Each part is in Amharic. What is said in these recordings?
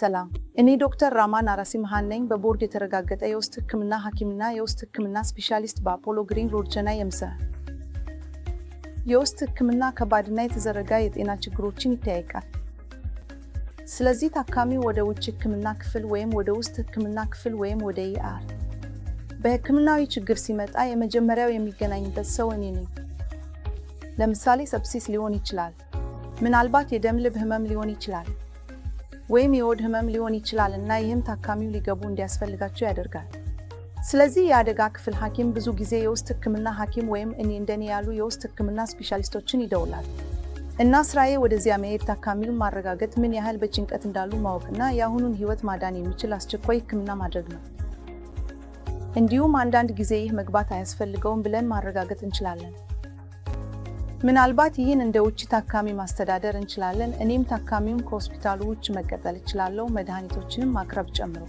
ሰላም፣ እኔ ዶክተር ራማ ናራሲምሃን ነኝ። በቦርድ የተረጋገጠ የውስጥ ህክምና ሐኪምና የውስጥ ህክምና ስፔሻሊስት በአፖሎ ግሪን ሮድጀና የምሰ የውስጥ ህክምና ከባድና የተዘረጋ የጤና ችግሮችን ይተያይቃል። ስለዚህ ታካሚ ወደ ውጭ ህክምና ክፍል ወይም ወደ ውስጥ ህክምና ክፍል ወይም ወደ ኢአር በህክምናዊ ችግር ሲመጣ የመጀመሪያው የሚገናኝበት ሰው እኔ ነኝ። ለምሳሌ ሰብሲስ ሊሆን ይችላል። ምናልባት የደም ልብ ህመም ሊሆን ይችላል። ወይም የሆድ ህመም ሊሆን ይችላል እና ይህም ታካሚው ሊገቡ እንዲያስፈልጋቸው ያደርጋል። ስለዚህ የአደጋ ክፍል ሐኪም ብዙ ጊዜ የውስጥ ህክምና ሐኪም ወይም እኔ እንደኔ ያሉ የውስጥ ህክምና ስፔሻሊስቶችን ይደውላል እና ስራዬ ወደዚያ መሄድ ታካሚውን ማረጋገጥ፣ ምን ያህል በጭንቀት እንዳሉ ማወቅና የአሁኑን ህይወት ማዳን የሚችል አስቸኳይ ህክምና ማድረግ ነው። እንዲሁም አንዳንድ ጊዜ ይህ መግባት አያስፈልገውም ብለን ማረጋገጥ እንችላለን። ምናልባት ይህን እንደ ውጭ ታካሚ ማስተዳደር እንችላለን። እኔም ታካሚውም ከሆስፒታሉ ውጭ መቀጠል እችላለሁ፣ መድኃኒቶችንም ማቅረብ ጨምሮ።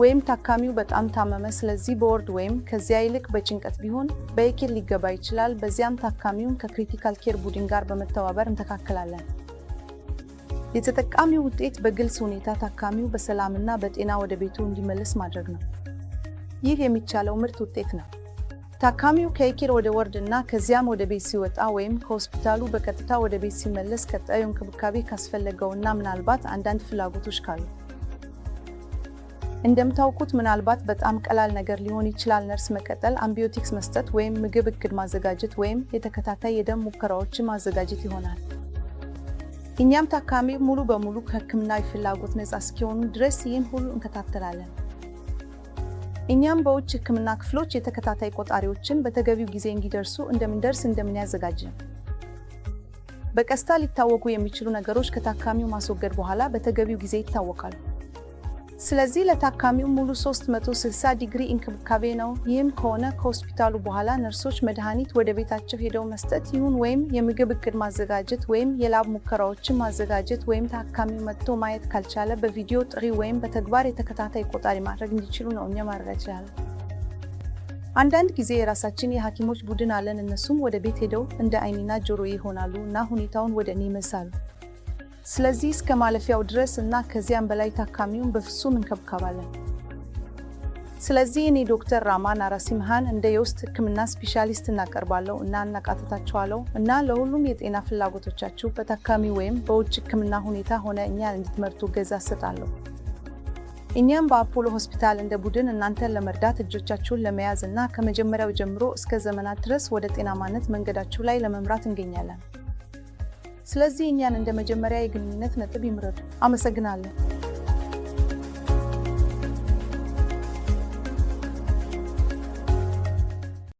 ወይም ታካሚው በጣም ታመመ፣ ስለዚህ በወርድ ወይም ከዚያ ይልቅ በጭንቀት ቢሆን በየኬር ሊገባ ይችላል። በዚያም ታካሚውን ከክሪቲካል ኬር ቡድን ጋር በመተባበር እንተካከላለን። የተጠቃሚው ውጤት በግልጽ ሁኔታ ታካሚው በሰላምና በጤና ወደ ቤቱ እንዲመለስ ማድረግ ነው። ይህ የሚቻለው ምርት ውጤት ነው። ታካሚው ከየኪር ወደ ወርድ እና ከዚያም ወደ ቤት ሲወጣ ወይም ከሆስፒታሉ በቀጥታ ወደ ቤት ሲመለስ ቀጣዩ እንክብካቤ ካስፈለገው እና ምናልባት አንዳንድ ፍላጎቶች ካሉ እንደምታውቁት ምናልባት በጣም ቀላል ነገር ሊሆን ይችላል። ነርስ መቀጠል፣ አምቢዮቲክስ መስጠት ወይም ምግብ እቅድ ማዘጋጀት ወይም የተከታታይ የደም ሙከራዎችን ማዘጋጀት ይሆናል። እኛም ታካሚ ሙሉ በሙሉ ከህክምና ፍላጎት ነፃ እስኪሆኑ ድረስ ይህን ሁሉ እንከታተላለን። እኛም በውጭ ህክምና ክፍሎች የተከታታይ ቆጣሪዎችን በተገቢው ጊዜ እንዲደርሱ እንደምንደርስ እንደምን ያዘጋጅን። በቀስታ ሊታወቁ የሚችሉ ነገሮች ከታካሚው ማስወገድ በኋላ በተገቢው ጊዜ ይታወቃሉ። ስለዚህ ለታካሚው ሙሉ 360 ዲግሪ እንክብካቤ ነው። ይህም ከሆነ ከሆስፒታሉ በኋላ ነርሶች መድኃኒት ወደ ቤታቸው ሄደው መስጠት ይሁን ወይም የምግብ እቅድ ማዘጋጀት ወይም የላብ ሙከራዎችን ማዘጋጀት ወይም ታካሚው መጥቶ ማየት ካልቻለ በቪዲዮ ጥሪ ወይም በተግባር የተከታታይ ቆጣሪ ማድረግ እንዲችሉ ነው እኛ ማድረግ ይችላል። አንዳንድ ጊዜ የራሳችን የሐኪሞች ቡድን አለን። እነሱም ወደ ቤት ሄደው እንደ አይኒና ጆሮ ይሆናሉ እና ሁኔታውን ወደ እኔ ይመሳሉ። ስለዚህ እስከ ማለፊያው ድረስ እና ከዚያም በላይ ታካሚውን በፍጹም እንከብከባለን። ስለዚህ እኔ ዶክተር ራማን አራሲምሃን እንደ የውስጥ ህክምና ስፔሻሊስት እናቀርባለሁ እና እናቃተታችኋለሁ እና ለሁሉም የጤና ፍላጎቶቻችሁ በታካሚ ወይም በውጭ ህክምና ሁኔታ ሆነ እኛን እንድትመርጡ ገዛ እሰጣለሁ። እኛም በአፖሎ ሆስፒታል እንደ ቡድን እናንተን ለመርዳት እጆቻችሁን ለመያዝ እና ከመጀመሪያው ጀምሮ እስከ ዘመናት ድረስ ወደ ጤናማነት መንገዳችሁ ላይ ለመምራት እንገኛለን። ስለዚህ እኛን እንደ መጀመሪያ የግንኙነት ነጥብ ይምረዱ። አመሰግናለን።